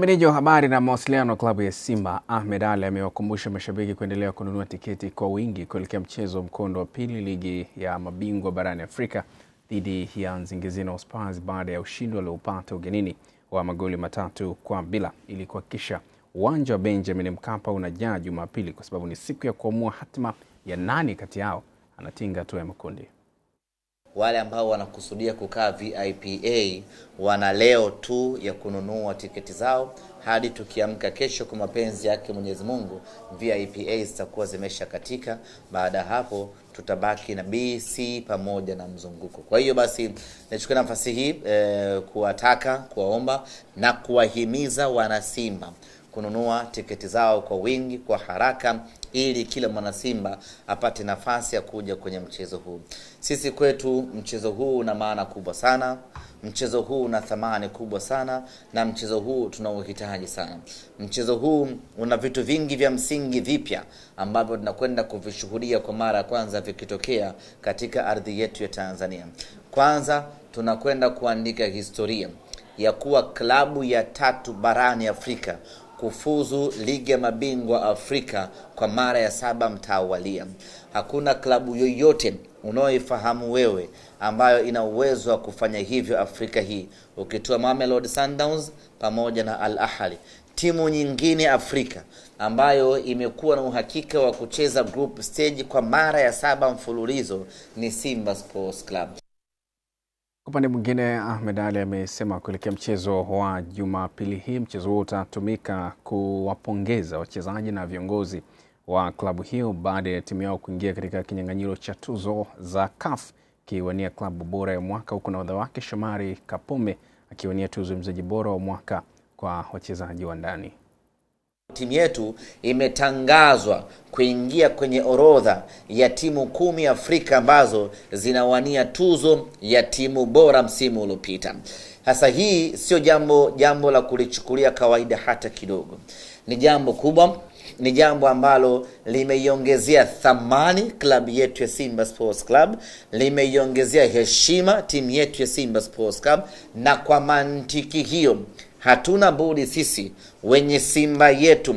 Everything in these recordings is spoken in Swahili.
Meneja wa habari na mawasiliano wa klabu ya Simba Ahmed Ali amewakumbusha mashabiki kuendelea kununua tiketi kwa wingi kuelekea mchezo mkondo wa pili ligi ya mabingwa barani Afrika dhidi ya nzingizino Spurs baada ya ushindi walioupata ugenini wa magoli matatu kwa bila ili kuhakikisha uwanja wa Benjamin Mkapa unajaa Jumapili kwa sababu ni siku ya kuamua hatima ya nani kati yao anatinga hatua ya makundi wale ambao wanakusudia kukaa VIPA wana leo tu ya kununua tiketi zao hadi tukiamka kesho, kwa mapenzi yake Mwenyezi Mungu, VIPA zitakuwa zimeshakatika. Baada ya hapo, tutabaki na BC pamoja na mzunguko. Kwa hiyo basi, nachukua nafasi hii e, kuwataka kuwaomba na kuwahimiza wanasimba kununua tiketi zao kwa wingi, kwa haraka ili kila mwanasimba apate nafasi ya kuja kwenye mchezo huu. Sisi kwetu mchezo huu una maana kubwa sana, mchezo huu una thamani kubwa sana, na mchezo huu tunauhitaji sana. Mchezo huu una vitu vingi vya msingi vipya ambavyo tunakwenda kuvishuhudia kwa mara ya kwanza vikitokea katika ardhi yetu ya Tanzania. Kwanza tunakwenda kuandika historia ya kuwa klabu ya tatu barani Afrika kufuzu ligi ya mabingwa Afrika kwa mara ya saba mtawalia. Hakuna klabu yoyote unaoifahamu wewe ambayo ina uwezo wa kufanya hivyo Afrika hii, ukitoa Mamelodi Sundowns pamoja na Al Ahly. Timu nyingine Afrika ambayo imekuwa na uhakika wa kucheza group stage kwa mara ya saba mfululizo ni Simba Sports Club upande mwingine, Ahmed Ali amesema kuelekea mchezo wa Jumapili hii, mchezo huo utatumika kuwapongeza wachezaji na viongozi wa klabu hiyo baada ya timu yao kuingia katika kinyang'anyiro cha tuzo za CAF kiwania klabu bora ya mwaka, huku nahodha wake Shomari Kapombe akiwania tuzo ya mchezaji bora wa mwaka kwa wachezaji wa ndani timu yetu imetangazwa kuingia kwenye orodha ya timu kumi Afrika ambazo zinawania tuzo ya timu bora msimu uliopita. Sasa hii sio jambo jambo la kulichukulia kawaida hata kidogo, ni jambo kubwa, ni jambo ambalo limeiongezea thamani klabu yetu ya Simba Sports Club, limeiongezea heshima timu yetu ya Simba Sports Club, na kwa mantiki hiyo hatuna budi sisi wenye simba yetu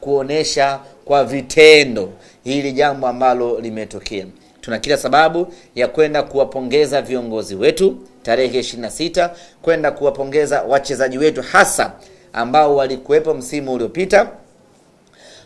kuonesha kwa vitendo hili jambo ambalo limetokea. Tuna kila sababu ya kwenda kuwapongeza viongozi wetu tarehe 26, kwenda kuwapongeza wachezaji wetu hasa ambao walikuwepo msimu uliopita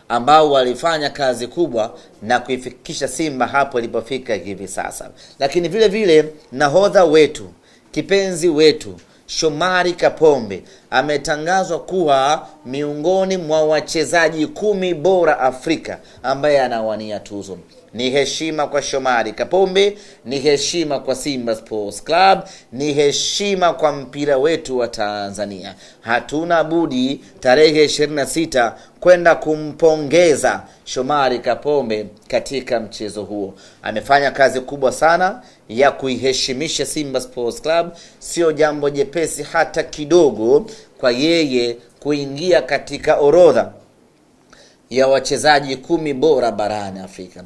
ambao walifanya kazi kubwa na kuifikisha Simba hapo ilipofika hivi sasa, lakini vile vile nahodha wetu kipenzi wetu Shomari Kapombe ametangazwa kuwa miongoni mwa wachezaji kumi bora Afrika ambaye anawania tuzo. Ni heshima kwa Shomari Kapombe, ni heshima kwa Simba Sports Club, ni heshima kwa mpira wetu wa Tanzania. Hatuna budi tarehe 26 kwenda kumpongeza Shomari Kapombe katika mchezo huo. Amefanya kazi kubwa sana ya kuiheshimisha Simba Sports Club, sio jambo jepesi hata kidogo kwa yeye kuingia katika orodha ya wachezaji kumi bora barani Afrika.